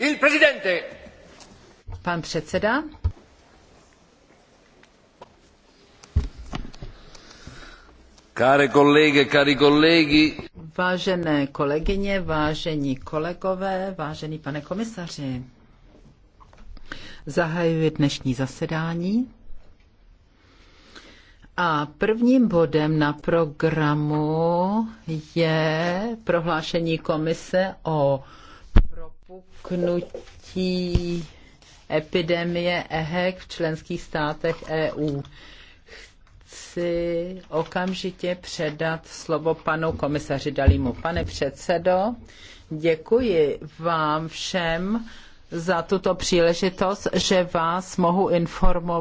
Il presidente. Pan předseda. Care colleghe, cari colleghi. Vážené kolegyně, vážení kolegové, vážený pane komisaři. Zahajuji dnešní zasedání. A prvním bodem na programu je prohlášení komise o vypuknutí epidemie EHEC v členských státech EU. Chci okamžitě předat slovo panu komisaři Dalímu. Pane předsedo, děkuji vám všem za tuto příležitost, že vás mohu informovat